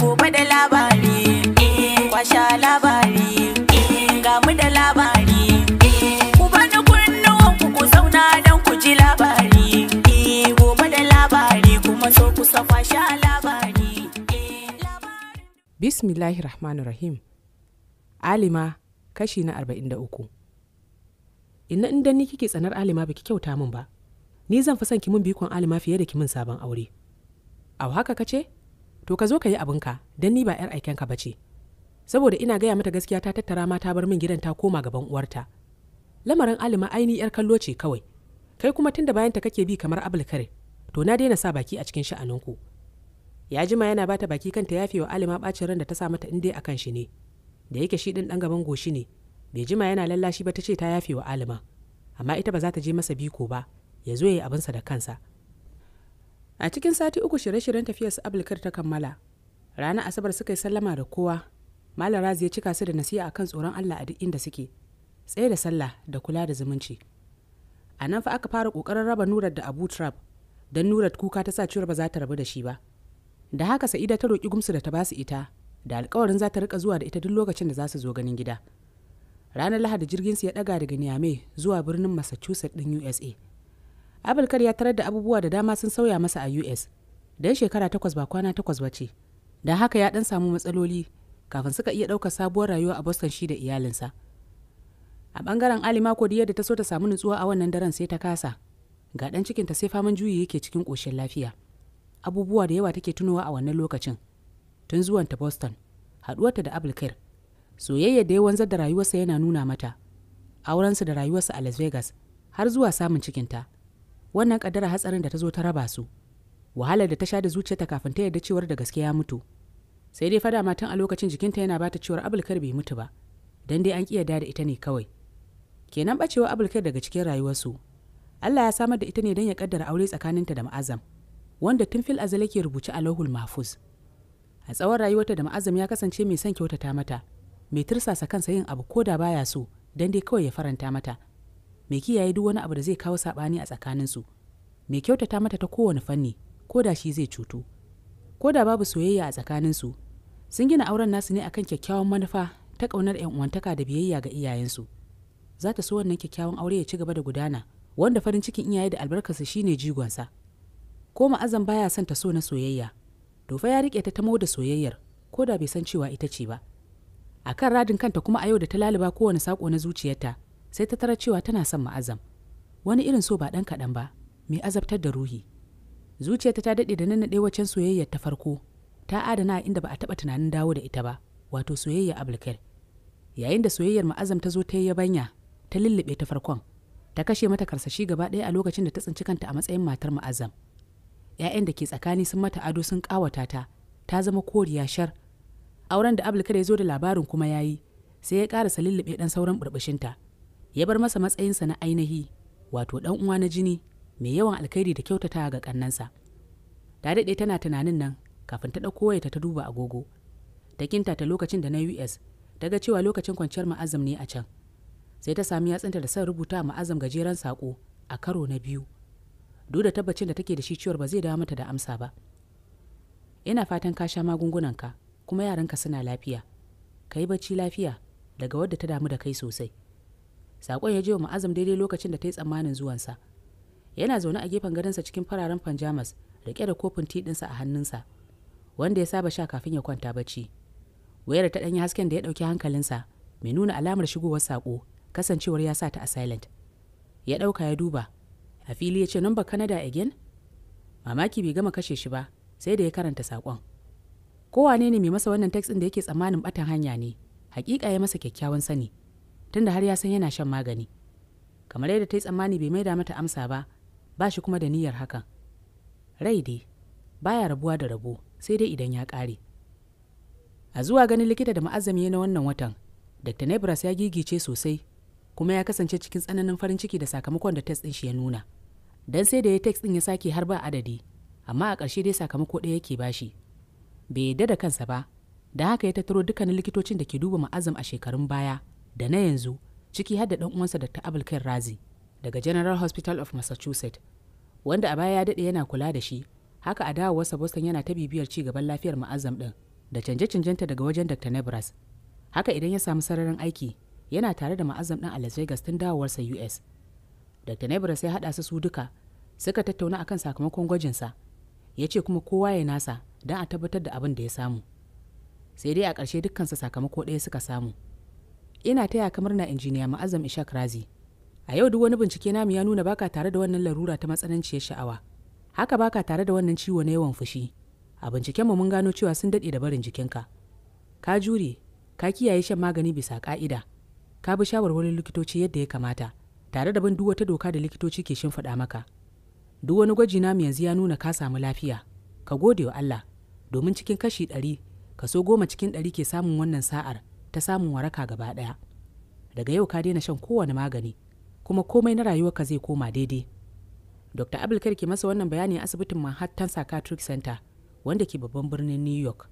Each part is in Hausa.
gobe da labari eh, kwasha labari eh, ga mu da labari eh, ku bani kunnuwan ku ku zauna don ku ji labari gobe da labari kuma so ku sa kwasha labari bismillahir rahmanir rahim alima kashi na 43 inna inda ni kike tsanar alima baki kyauta min ba ni zan fi son ki mun bikon alima fiye da ki mun sabon aure au haka ka ce. to ka zo ka yi abinka don ni ba 'yar aikenka ba ce saboda ina gaya mata gaskiya ta tattara ma ta bar min gidan ta koma gaban uwarta lamarin alima aini 'yar kallo ce kawai kai kuma tunda bayan ta kake bi kamar abulkare to na daina sa baki a cikin sha'aninku ya jima yana bata baki kanta yafe wa alima bacin ran da ta sa mata in a kan shi ne da yake shi din dan gaban goshi ne bai jima yana lallashi ba ta ce ta yafe wa alima amma ita ba za ta je masa biko ba ya zo ya yi abinsa da kansa a cikin sati uku shirye-shiryen tafiyar su abulkar ta kammala ranar asabar suka yi sallama da kowa malam razi ya cika su da nasiha akan tsoron allah a duk inda suke tsaye da sallah da kula da zumunci a nan fa aka fara kokarin raba nurar da abu trap don nurar kuka ta sa cewar ba za ta rabu da shi ba da haka sa'ida ta roƙi gumsu da ta ba su ita da alkawarin za ta rika zuwa da ita duk lokacin da za su zo ganin gida ranar lahadi jirgin su ya daga daga niamey zuwa birnin massachusetts din usa abulkar ya tarar da abubuwa da dama sun sauya masa a us don shekara takwas ba kwana takwas ba ce da haka ya dan samu matsaloli kafin suka iya ɗaukar sabuwar rayuwa a boston shi da iyalinsa a bangaren alima mako da ta so ta samu nutsuwa a wannan daren sai ta kasa ga ɗan cikinta sai faman juyi yake cikin ƙoshin lafiya abubuwa da yawa take tunowa a wannan lokacin tun zuwan ta boston haɗuwarta da abulkair soyayya da ya wanzar da rayuwarsa yana nuna mata aurensu da rayuwarsa a las vegas har zuwa samun cikinta wannan kadara hatsarin da ta zo ta raba su wahalar da ta sha da zuciyarta kafin ta yarda cewar da gaske ya mutu sai dai fada matan a lokacin jikinta yana bata cewar abulkar bai mutu ba dan dai an ƙi yarda da ita ne kawai kenan bacewa abulkar daga cikin rayuwarsu Allah ya samar da ita ne don ya kaddara aure tsakaninta da ma'azam wanda tun fil azal ke rubuci a lauhul mahfuz a tsawon rayuwarta da ma'azam ya kasance mai son kyautata mata mai tirsasa kansa yin abu ko da baya so dan dai kawai ya faranta mata mai kiyaye duk wani abu da zai kawo saɓani a tsakaninsu mai kyautata mata ta kowane fanni ko da shi zai cutu ko da babu soyayya a tsakaninsu sun gina auren nasu ne akan kyakkyawan manufa ta ƙaunar 'yan uwantaka da biyayya ga iyayensu za ta so wannan kyakkyawan aure ya ci gaba da gudana wanda farin cikin iyaye da albarkarsa shine jigonsa ko ma'azan baya son ta so na soyayya dofa ya riƙe ta tamo da soyayyar ko da bai san cewa ita ce ba a kan radin kanta kuma a yau da ta laliba kowane saƙo na zuciyarta sai ta tara cewa tana son ma'azam wani irin so ba ɗan kaɗan ba mai azabtar da ruhi zuciyarta ta daɗe da nannaɗe waccan soyayyar ta farko ta adana inda ba a taɓa tunanin dawo da ita ba wato soyayya abulkar yayin da soyayyar ma'azam ta zo ta yi yabanya ta lullube ta farkon ta kashe mata karsashi gaba ɗaya a lokacin da ta tsinci kanta a matsayin matar ma'azam 'ya'yan da ke tsakani sun mata ado sun ƙawata ta ta zama koriya shar auren da abulkar ya zo da labarin kuma ya yi sai ya ƙarasa lullube ɗan sauran burbushinta ya bar masa matsayinsa na ainihi wato ɗan uwa na jini mai yawan alkhairi da kyautata ga kannansa ta daɗe tana tunanin nan kafin ta ɗauko wayarta ta duba agogo ta kinta ta lokacin da na us ta ga cewa lokacin kwanciyar ma'azam ne a can sai ta sami yatsunta da son rubuta ma'azam gajeren saƙo a karo na biyu duk da tabbacin da take da shi ciwar ba zai dawo mata da amsa ba ina fatan ka sha magungunanka kuma yaranka suna lafiya ka yi bacci lafiya daga wadda ta damu da kai sosai Sakon ya je wa ma'azam daidai lokacin da ta yi tsammanin zuwansa. Yana zaune a gefen gadonsa cikin fararen panjamas riƙe da kofin tiɗinsa a hannunsa, wanda ya saba sha kafin ya kwanta bacci. Wayar ta ɗanyi hasken da ya ɗauki hankalinsa mai nuna alamar shigowar sako kasancewar ya sa ta a silent. Ya ɗauka ya duba, a fili ya ce number Canada again? Mamaki bai gama kashe shi ba, sai da ya karanta sakon Kowane ne mai masa wannan text ɗin da yake tsammanin ɓatan hanya ne, hakika ya masa kyakkyawan sani. tunda har ya san yana shan magani kamar yadda ta yi tsammani bai maida mata amsa ba ba shi kuma da niyyar hakan rai dai baya rabuwa da rabo sai dai idan ya ƙare a zuwa ganin likita da ma'azami na wannan watan dr nebras ya gigice sosai kuma ya kasance cikin tsananin farin ciki da sakamakon da test ɗin shi ya nuna dan sai da ya tes ɗin ya sake har ba adadi amma a ƙarshe dai sakamako ɗaya yake bashi bai yarda da kansa ba da haka ya tattaro dukkanin likitocin da ke duba ma'azam a shekarun baya da na yanzu ciki har da ɗan uwansa Dr. Abulkair Razi daga General Hospital of Massachusetts wanda a baya ya daɗe yana kula da shi haka a dawowarsa Boston yana ta bibiyar ci gaban lafiyar ma'azam ɗin da canje-canjenta daga wajen Dr. Nebras haka idan ya samu sararin aiki yana tare da ma'azam ɗin a Las Vegas tun dawowarsa US Dr. Nebras ya haɗa su su duka suka tattauna akan sakamakon gwajinsa ya ce kuma kowa ya nasa don a tabbatar da abin da ya samu sai dai a ƙarshe dukkansa sakamako ɗaya suka samu ina taya kamar na injiniya ma'azam ishak razi a yau duk wani bincike namu ya nuna baka tare da wannan larura ta matsananciyar sha'awa haka baka tare da wannan ciwo na yawan fushi a binciken mu mun gano cewa sun daɗe da barin jikinka ka jure ka kiyaye shan magani bisa ka'ida ka bi shawarwarin likitoci yadda ya kamata tare da bin duk wata doka da likitoci ke shimfiɗa maka duk wani gwaji namu yanzu ya nuna ka samu lafiya ka gode wa Allah domin cikin kashi ɗari ka kaso goma cikin ɗari ke samun wannan sa'ar ta samun waraka gaba ɗaya daga yau ka daina shan kowane magani kuma komai na rayuwarka zai koma daidai dr abulkar ke masa wannan bayani a asibitin manhattan psychiatric center wanda ke babban birnin new york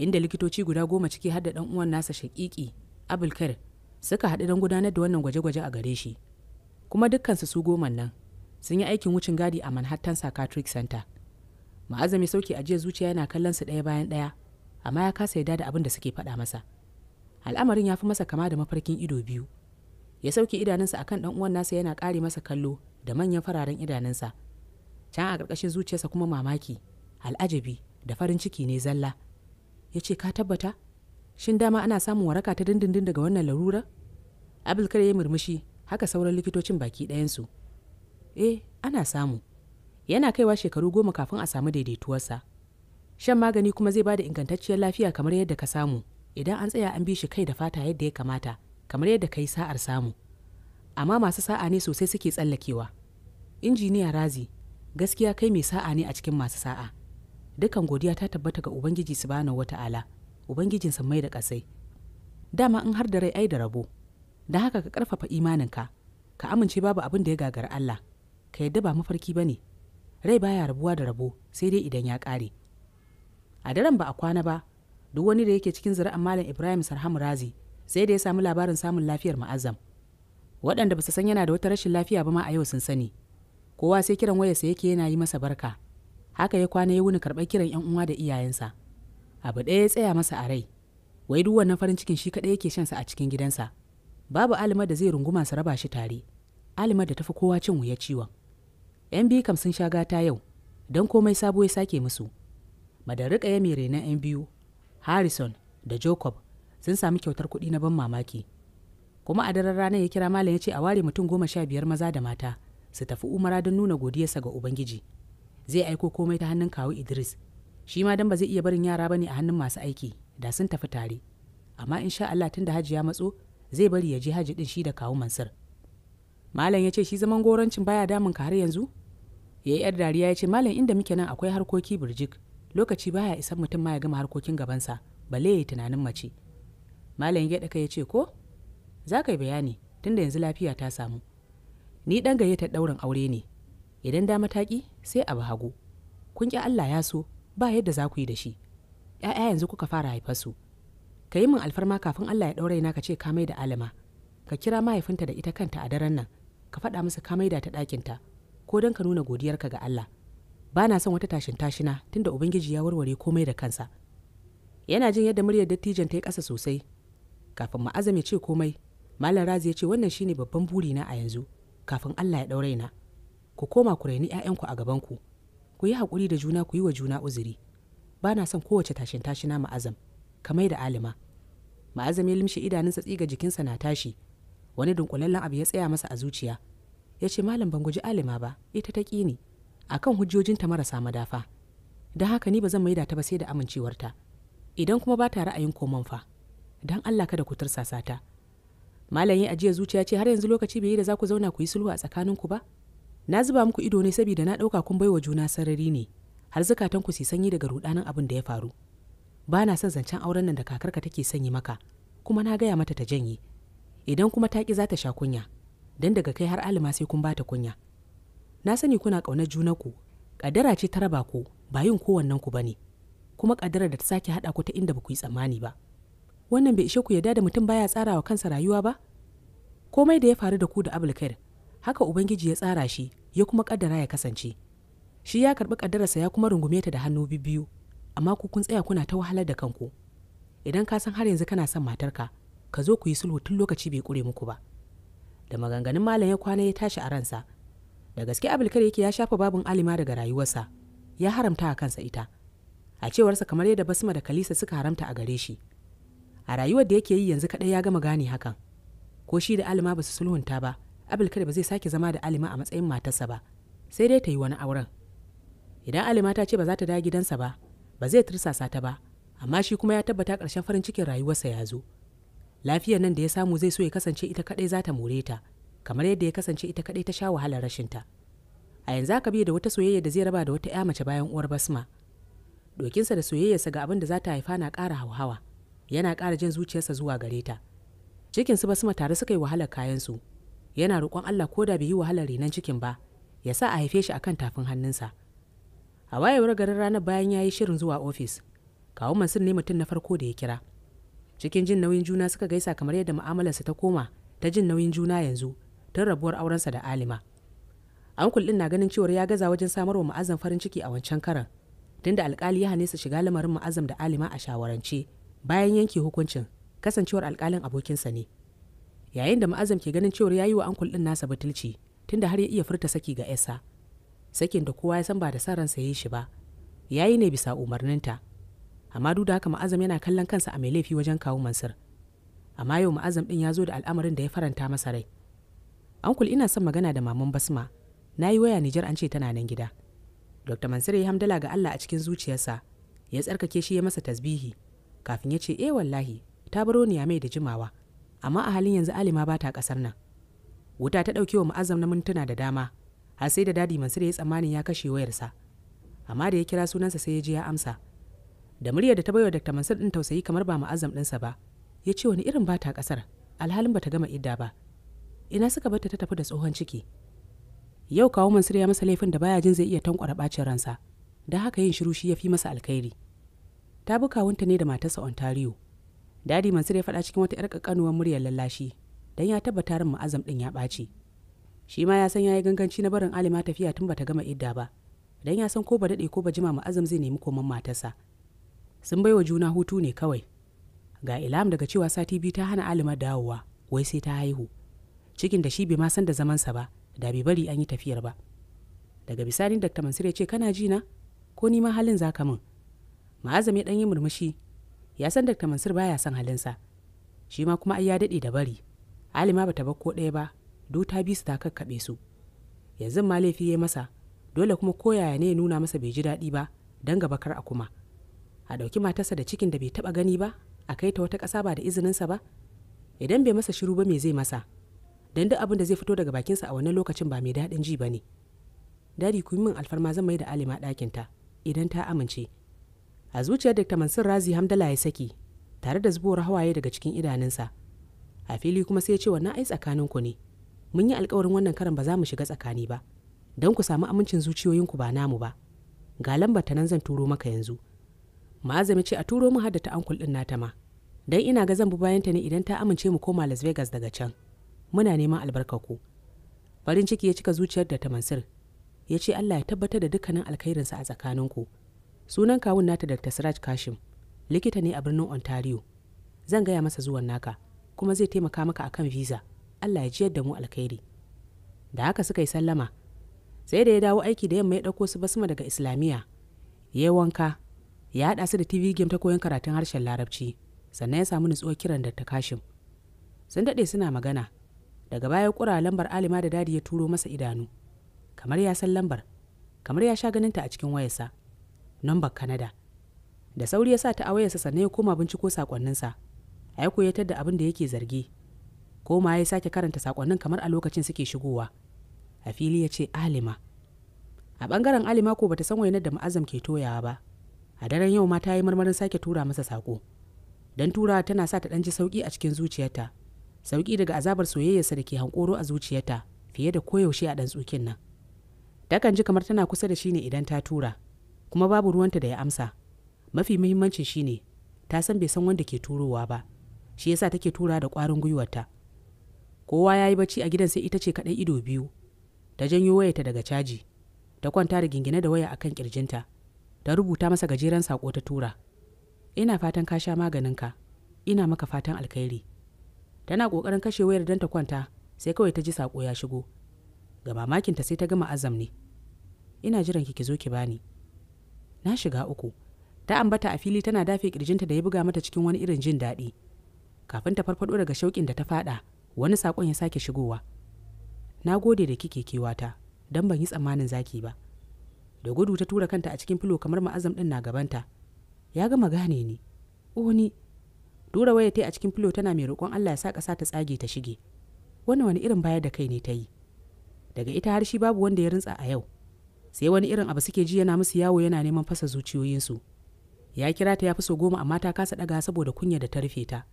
inda likitoci guda goma ciki har da dan uwan nasa shakiki abulkar suka haɗu don gudanar da wannan gwaje-gwaje a gare shi kuma dukkansu su goman nan sun yi aikin wucin gadi a manhattan psychiatric center ma'azami sauki ajiyar zuciya yana kallon su ɗaya bayan ɗaya amma ya kasa yarda da abin da suke faɗa masa al'amarin ya fi masa kama da mafarkin ido biyu ya sauke idanunsa akan dan uwan nasa yana kare masa kallo da manyan fararen idanunsa can a ƙarƙashin zuciyarsa kuma mamaki al'ajabi da farin ciki ne zalla ya ce ka tabbata shin dama ana samun waraka ta dindindin daga wannan larura abulkar ya murmushi haka sauran likitocin baki ɗayansu eh ana samu yana kaiwa shekaru goma kafin a samu daidaituwarsa shan magani kuma zai bada ingantacciyar lafiya kamar yadda ka samu idan an tsaya an bi shi kai da fata yadda ya kamata kamar yadda kai sa'ar samu amma masu sa'a ne sosai suke tsallakewa injiniya razi gaskiya kai mai sa'a ne a cikin masu sa'a dukan godiya ta tabbata ga ubangiji su subhanahu wata'ala ubangijin mai da kasai dama in har da rai ai da rabo don haka ka karfafa imaninka ka amince babu abin da ya gagara Allah ka yadda ba mafarki ba ne. rai baya rabuwa da rabo sai dai idan ya kare a daren ba a kwana ba duk wani da yake cikin zuri'ar malam ibrahim sarhamu razi sai da ya samu labarin samun lafiyar ma'azam waɗanda ba su san yana da wata rashin lafiya ba ma a yau sun sani kowa sai kiran wayarsa yake yana yi masa barka haka ya kwana ya wuni karɓar kiran yan uwa da iyayensa abu ɗaya ya tsaya masa a rai wai duk wannan farin cikin shi kaɗai yake shansa a cikin gidansa babu alimar da zai runguma su raba shi tare alimar da tafi kowa cin wuya ciwon yan biyu kam sun sha gata yau don komai sabo ya sake musu madarrika ya mai renon yan biyu harrison da jacob sun sami kyautar kuɗi na ban mamaki kuma a daren ranar ya kira malam ya ce a ware mutum goma sha biyar maza da mata su tafi umara don nuna godiyarsa ga ubangiji zai aiko komai ta hannun kawu idris shi ma dan ba zai iya barin yara ba ne a hannun masu aiki da sun tafi tare amma insha allah tun da hajji ya matso zai bari ya je hajji din shi da kawu mansur malam ya ce shi zaman gorancin baya damun ka har yanzu ya yi yar dariya ya ce malam inda muke nan akwai harkoki birjik lokaci baya isan mutum ma ya gama harkokin gabansa bale ya yi tunanin mace malam ya kai ya ce ko za ka yi bayani tunda yanzu lafiya ta samu ni ɗan ta ɗaurin aure ne idan da mataki sai abu hagu kun ƙi allah ya so ba yadda za ku yi da shi ‘ya'ya yanzu kuka fara su ka yi min alfarma kafin allah ya ɗaure na ka ce ka mai da alama ka kira mahaifinta da ita kanta a daren nan ka faɗa musu ka da ta ɗakinta ko don ka nuna godiyarka ga allah ba na son wata tashin tashina tunda ubangiji ya warware komai da kansa yana jin yadda muryar dattijan ta yi ƙasa sosai kafin ma'azam ya ce komai malam razi ya ce wannan shine babban burina a yanzu kafin allah ya ɗaure na ku koma ku raini 'ya'yanku a gabanku ku yi haƙuri da juna ku yi wa juna uzuri ba na son kowace tashin tashina ma'azam kamai da alima ma'azam ya limshe idanunsa tsiga jikinsa na tashi wani dunkulallen abu ya tsaya masa a zuciya ya ce malam ban guji alima ba ita ta ƙi ni akan hujjojinta marasa madafa don haka ni ba zan maida ta ba sai da amincewarta idan kuma ba ta ra'ayin koman fa don allah kada ku tursasa ta malam yin ajiyar zuciya ce har yanzu lokaci bai yi da za ku zauna ku yi sulhu a tsakaninku ba na zuba muku ido ne saboda na ɗauka kun baiwa juna sarari ne har zukatan ku su sanyi daga rudanin abin da ya faru ba na son zancen auren nan da kakarka take sanyi maka kuma na gaya mata ta janye idan kuma ta ki za ta sha kunya don daga kai har alima sai kun ba ta kunya na sani kuna juna ku. Ƙadara ce ta raba ku ba yin kowannen ku bane kuma ƙadara da ta sake haɗa ku ta inda ba ku yi tsammani ba wannan bai ishe ku yarda da mutum baya tsara wa kansa rayuwa ba komai da ya faru da ku da abulkair haka ubangiji ya tsara shi ya kuma ƙaddara ya kasance shi ya karɓi ƙadararsa ya kuma rungume ta da hannu biyu amma ku kun tsaya kuna ta wahalar da kanku idan ka san har yanzu kana son matarka ka zo ku yi sulhu tun lokaci bai kure muku ba da maganganun malam ya kwana ya tashi a ransa da gaske abulkar yake ya shafa babin alima daga rayuwarsa ya haramta a kansa ita a cewarsa kamar yadda basma da kalisa suka haramta a gare shi a rayuwar da yake yi yanzu kaɗai ya gama gane hakan ko shi da alima ba su sulhunta ba abulkar ba zai sake zama da alima a matsayin matarsa ba sai dai ta yi wani auren idan alima ta ce ba za ta dawo gidansa ba ba zai tursasa ta ba amma shi kuma ya tabbata karshen farin cikin rayuwarsa ya zo lafiyar nan da ya samu zai so ya kasance ita kaɗai za ta more ta kamar yadda ya kasance ita kadai ta sha wahalar ta a yanzu aka biya da wata soyayya da zai raba da wata 'ya mace bayan uwar basma dokinsa da soyayyarsa ga abin da za ta haifa na kara hauhawa yana ƙara jin zuciyarsa zuwa gare ta cikin su basma tare suka yi wahalar su yana roƙon Allah ko da bai yi wahalar renan cikin ba ya sa a haife shi akan tafin hannunsa a wayewar garin ranar bayan ya yi shirin zuwa ofis kawo mansur ne mutum na farko da ya kira cikin jin nauyin juna suka gaisa kamar yadda mu'amalarsa ta koma ta jin nauyin juna yanzu tun rabuwar aurensa da alima ankul din na ganin cewar ya gaza wajen samarwa ma'azam farin ciki a wancan karan tunda alkali ya hanesa shiga lamarin ma'azam da alima a shawarance bayan yanke hukuncin kasancewar alkalin abokinsa ne yayin da ma'azam ke ganin cewar ya yi wa ankul din nasa batulci tunda har ya iya furta saki ga esa sakin da kowa ya san ba da sa ransa ya yi shi ba ya yi ne bisa umarninta amma duk da haka ma'azam yana kallon kansa a mai laifi wajen kawo mansur amma yau ma'azam din ya zo da al'amarin da ya faranta masa rai Ankul ina son magana da maman Basma. Na yi waya Nijar an ce tana nan gida. Dr. Mansur ya hamdala ga Allah a cikin zuciyarsa. Ya tsarkake shi ya masa tasbihi. Kafin ya ce e wallahi ta baro ni mai da jimawa. Amma a halin yanzu Alima ba ta kasar nan. Wuta ta ɗauke wa mu'azzam na mintuna da dama. Har sai da dadi Mansur ya tsammanin ya kashe wayarsa. Amma da ya kira sunansa sai ya ji ya amsa. Da murya da ta baiwa Dr. Mansur ɗin tausayi kamar ba mu'azzam ɗinsa ba. Ya ce wani irin ba ta kasar alhalin ba ta gama idda ba. ina suka bata ta tafi da tsohon ciki yau kawo mansur ya masa laifin da baya jin zai iya tankwara bacin ransa don haka yin shiru shi ya fi masa alkhairi ta bi kawunta ne da matarsa ontario dadi mansur ya faɗa cikin wata 'yar ƙaƙanuwar muryar lallashi don ya tabbata ran ma'azam ɗin ya ɓaci shi ma ya san ya yi ganganci na barin alima tafiya tun bata gama idda ba don ya san ko ba daɗe ko ba jima ma'azam zai nemi koman matarsa sun baiwa juna hutu ne kawai ga ilam daga cewa sati biyu ta hana alima dawowa wai sai ta haihu cikin da shi bai ma san da zamansa ba da bai bari an yi tafiyar ba daga bisani dr mansur ya ce kana ji na ko ni ma halin zaka min ma'azami ya dan yi murmushi ya san dr mansur baya halin sa shi ma kuma ai ya dade da bari alima bata bar ko ɗaya ba do ta bi su ta kakkabe su yanzu ma laifi ya masa dole kuma koyaya ne ya nuna masa bai ji daɗi ba dan gaba kar a kuma a ɗauki matarsa da cikin da bai taɓa gani ba a kai ta wata ƙasa ba da izininsa ba idan bai masa shiru ba me zai masa don duk abin da zai fito daga bakinsa a wannan lokacin ba mai daɗin ji ba ne dadi ku yi min alfarma zan mai da alima ɗakinta idan ta amince a zuciyar dr mansur razi hamdala ya saki tare da zubowar hawaye daga cikin idanunsa a fili kuma sai ya ce wannan ai tsakanin ku ne mun yi alkawarin wannan karan ba za mu shiga tsakani ba don ku samu amincin zuciyoyinku ba namu ba ga lambar ta nan zan turo maka yanzu ma'azami ce a turo mu ta ankul din nata ma don ina ga zan bi bayanta ne idan ta amince mu koma las vegas daga can muna neman albarkaku farin ciki ya cika zuciyar da ta mansur ya ce allah ya tabbatar da dukkanin alkhairinsa a tsakaninku sunan kawun nata dr siraj kashim likita ne a birnin ontario zan gaya masa zuwan naka kuma zai taimaka maka akan visa allah ya jiyar da mu alkhairi da haka suka yi sallama sai da ya dawo aiki da yamma ya ɗauko su basma daga islamiyya ya wanka ya haɗa su da tv game ta koyon karatun harshen larabci sannan ya samu nutsuwar kiran da ta kashim sun daɗe suna magana daga baya kura lambar alima da dadi ya turo masa idanu kamar ya san lambar kamar ya sha ganinta a cikin wayarsa nambar kanada da sauri ya sa ta a wayarsa sannan ya koma binciko sakonninsa a ya da abin da yake zargi koma ya sake karanta sakonnin kamar a lokacin suke shigowa a fili ya ce alima a bangaren alima ko bata san wainar da ma'azam ke toyawa ba a daren yau ma ta yi marmarin sake tura masa sako don turawa tana sa ta ɗan ji sauƙi a cikin zuciyarta sauki daga azabar soyayyarsa da ke hankoro a zuciyarta fiye da koyaushe a ɗan tsukin nan takan ji kamar tana kusa da shi ne idan ta tura kuma babu ruwanta da ya amsa mafi muhimmanci shine ta san bai san wanda ke turowa ba shi yasa take tura da ƙwarin gwiwarta kowa ya yi bacci a gidan sai ita ce kaɗai ido biyu ta janyo wayata daga caji ta kwanta da gingine da waya akan kirjinta ta rubuta masa gajeren sako ta tura ina fatan ka sha maganinka ina maka fatan alkhairi tana ƙoƙarin kashe wayar don ta kwanta sai kawai ta ji sako ya shigo ga mamakinta sai ta gama azam ne ina jiran ki ki zo ki bani na shiga uku ta ambata a fili tana dafe kirjinta da ya buga mata cikin wani irin jin daɗi kafin ta farfado daga shauƙin da ta faɗa wani saƙon ya sake shigowa na gode da kike kewata don ban yi tsammanin zaki ba da gudu ta tura kanta a cikin filo kamar ma'azam ɗin na gabanta ya gama gane ni Oh ni dura waya ta a cikin filo tana mai roƙon Allah ya sa ƙasa ta tsage ta shige wannan wani irin baya da kai ne ta yi daga ita har shi babu wanda ya rintsa a yau sai wani irin abu suke ji yana musu yawo yana neman fasa zuciyoyinsu ya kira ta ya fi so goma amma ta kasa ɗaga saboda kunya da ta rufe ta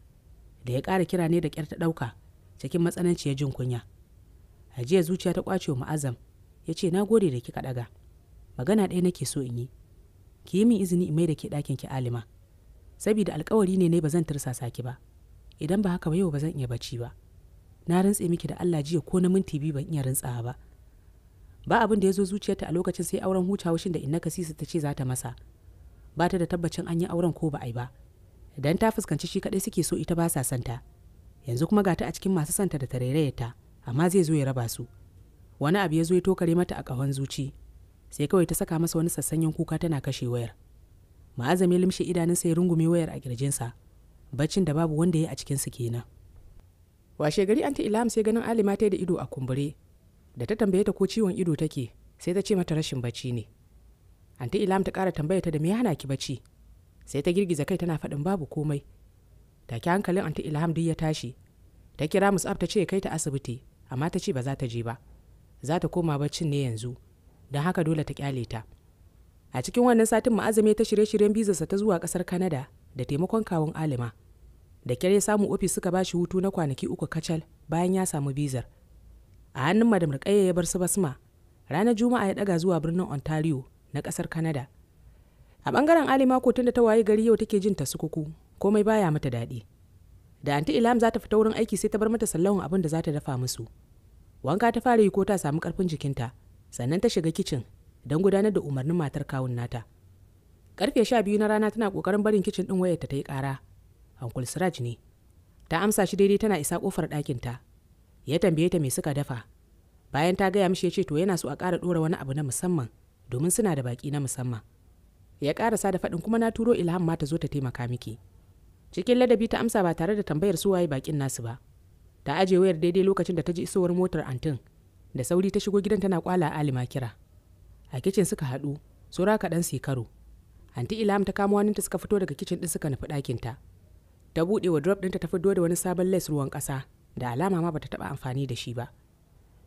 da ya ƙara kira ne da ƙyar ta ɗauka cikin ya jin kunya hajiya zuciya ta ƙwace wa ma'azam ya ce na gode da kika ɗaga magana ɗaya nake so in yi ki yi min izini in mai da ke ɗakin ki alima saboda alkawari ne ne ba zan tursa Saki ba idan ba haka ba yau ba zan iya bacci ba na rantse miki da Allah jiya ko na minti biyu ban iya rantsawa ba ba abin da ya zo zuciyarta a lokacin sai auren hutawashin da inna kasi ta ce za ta masa ba ta da tabbacin an yi auren ko ba a ba Idan ta fuskanci shi kadai suke so ita ba sa santa yanzu kuma gata a cikin masu santa da tarairayarta amma zai zo ya raba su wani abu ya zo ya tokare mata a kahon zuci sai kawai ta saka masa wani sassanyen kuka tana kashe wayar ma'azami limshi idanunsa ya rungume wayar a kirjinsa baccin da babu wanda ya a cikinsu kenan washe gari anti ilham sai ganin alima ta da ido a kumbure da ta tambaye ta ko ciwon ido take sai ta ce mata rashin bacci ne anti ilham ta kara tambaya ta da me hana ki bacci sai ta girgiza kai tana faɗin babu komai ta ki hankalin anti ilham duk ya tashi ta kira musab ta ce kai ta asibiti amma ta ce ba za ta je ba za ta koma baccin ne yanzu don haka dole ta kyale ta a cikin wannan satin ma'azame ta shirye-shiryen bizarsa ta zuwa kasar kanada da taimakon kawun alima da kyar ya samu ofis suka ba shi hutu na kwanaki uku kacal bayan ya samu bizar a hannun madam rikayya ya bar su basma ranar juma'a ya daga zuwa birnin ontario na kasar kanada a bangaren alima ko tunda da ta waye gari yau take jin ta sukuku komai baya mata daɗi da anti ilam za ta fita wurin aiki sai ta bar mata sallahun abin da za ta dafa musu wanka ta fara yi ko ta samu karfin jikinta sannan ta shiga kicin don gudanar da umarnin matar kawun nata karfe sha biyu na rana tana kokarin barin kicin din wayarta ta yi kara hankul siraj ne ta amsa shi daidai tana isa kofar ta ya tambaye ta me suka dafa bayan ta gaya mishi ya ce to yana so a ƙara ɗora wani abu na musamman domin suna da baƙi na musamman ya ƙarasa da faɗin kuma na turo ilham ma ta zo ta taimaka miki cikin ladabi ta amsa ba tare da tambayar su waye baƙin nasu ba ta aje wayar daidai lokacin da ta ji isowar motar antin da sauri ta shigo gidan tana kwala alima kira a kicin suka haɗu sura kaɗan su karo anti ilam ta kamo hannunta suka fito daga kicin ɗin suka nufi ɗakinta ta buɗe wa drop ɗinta ta fito da wani sabon les ruwan ƙasa da alama ma bata taɓa amfani da shi ba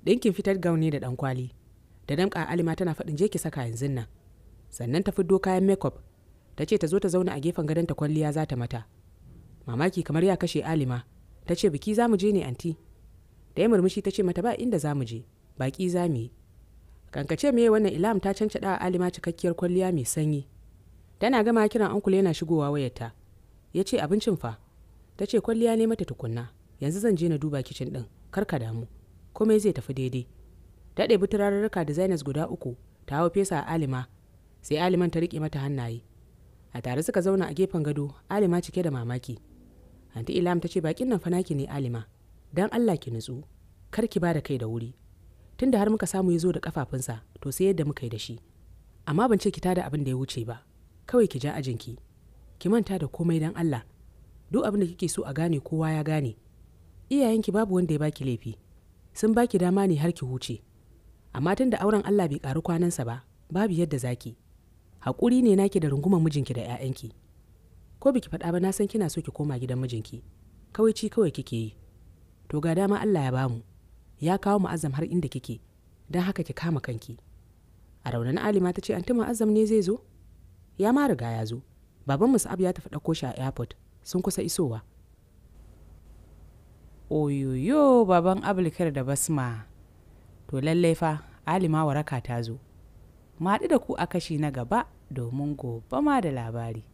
ɗinkin fitar gown ne da ɗan kwali da damƙa alima tana faɗin je ki saka yanzu nan sannan ta fiddo kayan makeup ta ce ta zo ta zauna a gefen gadon ta kwalliya za ta mata mamaki kamar ya kashe alima ta ce biki za mu je ne anti da ya murmushi ta ce mata ba inda za mu je baƙi za mu yi kankace me wannan ilam ta cancada a alima cikakkiyar kwalliya mai sanyi tana gama kiran ankule yana shigowa wayarta ya ce abincin fa ta ce kwalliya ne mata tukunna yanzu zan je na duba kicin din kar ka damu komai zai tafi daidai ta ɗebi turarurruka designers guda uku ta hau fesa a alima sai aliman ta riƙe mata hannaye a tare suka zauna a gefen gado alima cike da mamaki anti ilam ta ce bakin nan fanaki ne alima dan allah ki nutsu kar ki ba da kai da wuri tun da har muka samu ya zo da kafafunsa to sai yadda muka yi da shi amma ban ce ki tada abin da ya wuce ba kawai ki ja ajinki ki manta da komai dan Allah duk abin da kike so a gane kowa ya gane iyayenki babu wanda ya baki laifi sun baki dama ne har ki huce amma tun da auren Allah bai karu kwanansa ba babu yadda zaki haƙuri ne naki da runguman mijinki da 'ya'yanki ko biki faɗa ba na san kina so ki koma gidan mijinki kawai ci kawai kike yi to ga dama Allah ya bamu ya kawo ma'azam har inda kike don haka ki kama kanki a raunanin alima ta ce anti ma'azam ne zai zo ya ma riga ya zo baban musa'ab ya tafi ɗauko shi a airport sun kusa isowa oyoyo baban abulkar da basma to lallai fa alima waraka ta zo maɗi da ku a kashi na gaba domin gobe ma da labari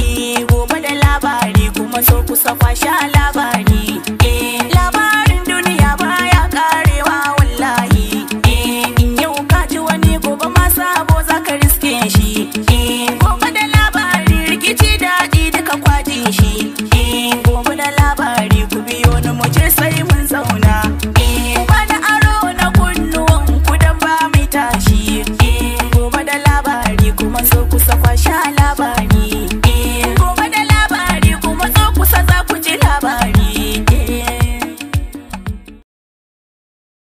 eh, gobe da labari kuma so kusa kwashe labari eh, labarin duniya ba